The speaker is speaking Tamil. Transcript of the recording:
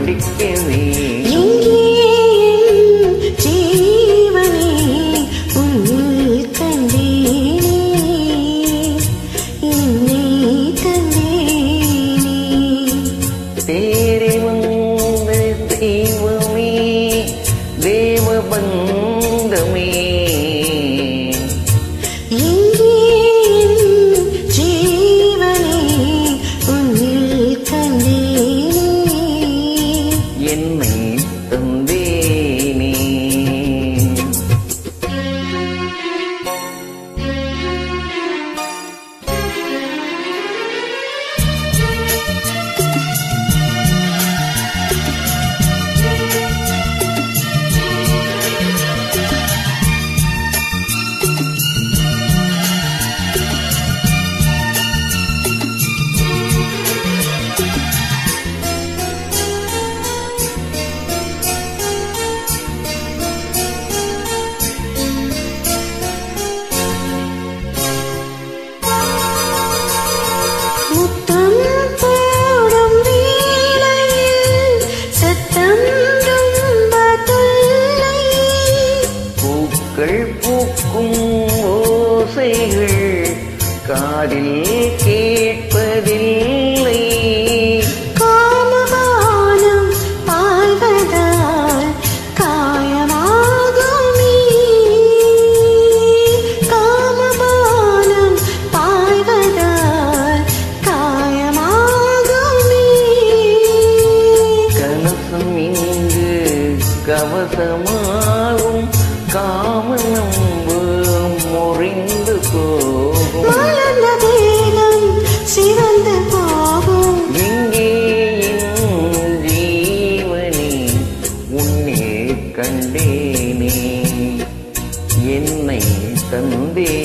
ஒழிக்கவே தெய்வமே தேவ பந்தமே பூக்கள் பூக்கும் ஓசைகள் காதில் கேட்பதில்லை காலகாலம் பாழ்வதால் காயமாகும் காலகாலம் பாழ்வதால் காயமாகும் கலசம் இங்கு கவசமா காமனம் முறிந்து போகும் சிறந்த பாவம் இங்கே ஜீவனே உன்னே கண்டேனே என்னை தந்தே